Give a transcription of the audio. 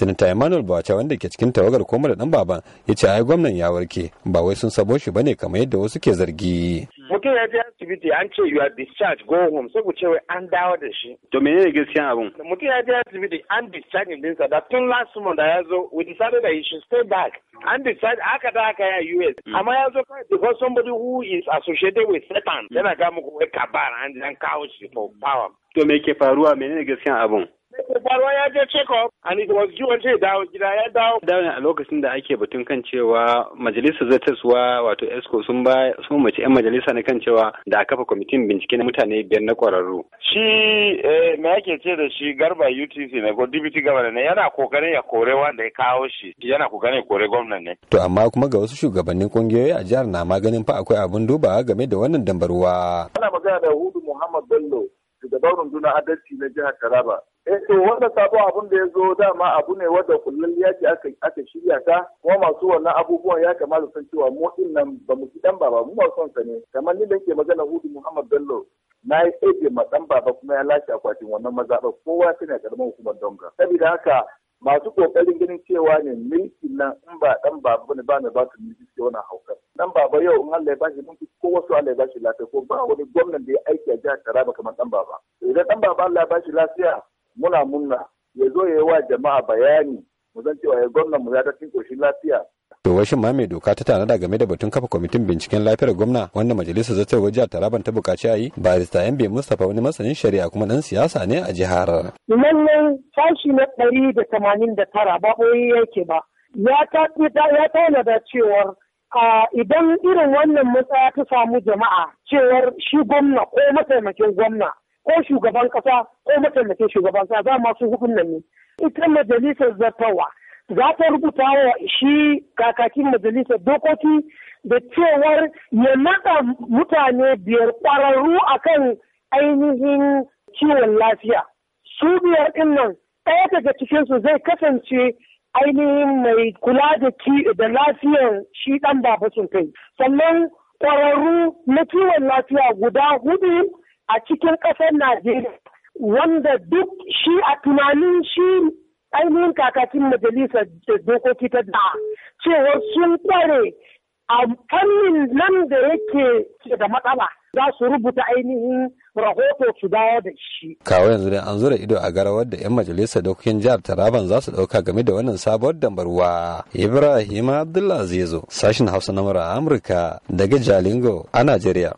sanata emmanuel bawacha wanda ke cikin tawagar koma da dan baban ya ce ai gwamnan ya warke ba wai sun sabo shi bane kamar yadda wasu ke zargi mutum ya je asibiti an ce you are discharged go home sai ku ce wai an dawo da shi to menene gaskiya abun mutum ya je asibiti an discharge din sa da tun last month da ya zo we decided that he should stay back an discharge haka da haka ya US hmm. amma ya zo kai because somebody who is associated with Satan hmm. yana ga muku wai kabar an kawo shi for power to me ke faruwa menene gaskiya abun Farwa ya je check-up and it was due dawo gida ya dawo. Dawo a lokacin da ake batun kan cewa majalisar zartaswa wato ESCO sun ba sun mace 'yan majalisa na kan cewa da a kafa kwamitin bincike na mutane biyar na kwararru. Shi eh, me ake ce da shi Garba UTC ne ko DBT Governor ne yana kokarin ya kore wanda ya kawo shi yana kokarin ya kore gwamnan ne. To amma kuma ga wasu shugabannin kungiyoyi a jihar na maganin fa akwai abin dubawa game da wannan dambaruwa. Ana magana da Hudu Muhammad Bello shugaban runduna adalci na jihar Taraba. Eh to wanda sabo abun da ya zo dama abu ne wanda kullum yaki aka aka shirya ta kuma masu wannan abubuwan ya kamata san cewa mu din nan ba mu dan baba mu masu son sa ne kamar ni da ke magana Hudu Muhammad Bello na yi aje ma dan baba kuma ya lashe akwatin wannan mazaɓar kowa tana ƙaramin hukumar donga. Saboda haka masu kokarin ganin cewa ne mulkin nan in ba dan baba ne ba ne ba su mulki wannan hau dan baba yau in Allah ya bashi mun ko wasu Allah ya bashi lafiya ko ba wani gwamnati da ya aiki a jihar Taraba kamar dan baba idan dan baba Allah ya bashi lafiya muna munna ya zo ya yi wa jama'a bayani mu zan cewa ya gwamnati mu ya ta cikin koshin lafiya To wai shin ma mai doka ta tanada game da batun kafa kwamitin binciken lafiyar gwamna wanda majalisar zartarwar jihar Taraban ta bukaci a yi barista Yambe Mustapha wani masanin shari'a kuma dan siyasa ne a jihar. Lallai sashi na ɗari da tamanin da tara ba ya yake ba. Ya da cewar a idan irin wannan matsaya ta samu jama'a cewar shi gwamna ko mataimakin gwamna ko shugaban kasa ko mataimakin shugaban kasa za masu hudun nan ne ita majalisar zartawa za ta rubuta wa shi kakakin majalisar dokoki da cewar ya naɗa mutane biyar ƙwararru akan ainihin kiwon lafiya su biyar ɗin nan ɗaya daga cikinsu zai kasance ainihin mai kula da da lafiyar shi ɗan baba sun kai sannan ƙwararru na kiwon lafiya guda hudu a cikin ƙasar najeriya wanda duk shi a tunanin shi ainihin kakakin majalisar dokoki ta da cewa sun kware a fannin nan da yake da matsala za su rubuta ainihin rahoto su dawo da shi. Kawo yanzu dai an zura ido a garawar da 'yan majalisar dokokin jihar Taraban za su ɗauka game da wannan sabuwar dambarwa. Ibrahim Abdullah Zezo, sashin Hausa na Amurka daga Jalingo a Najeriya.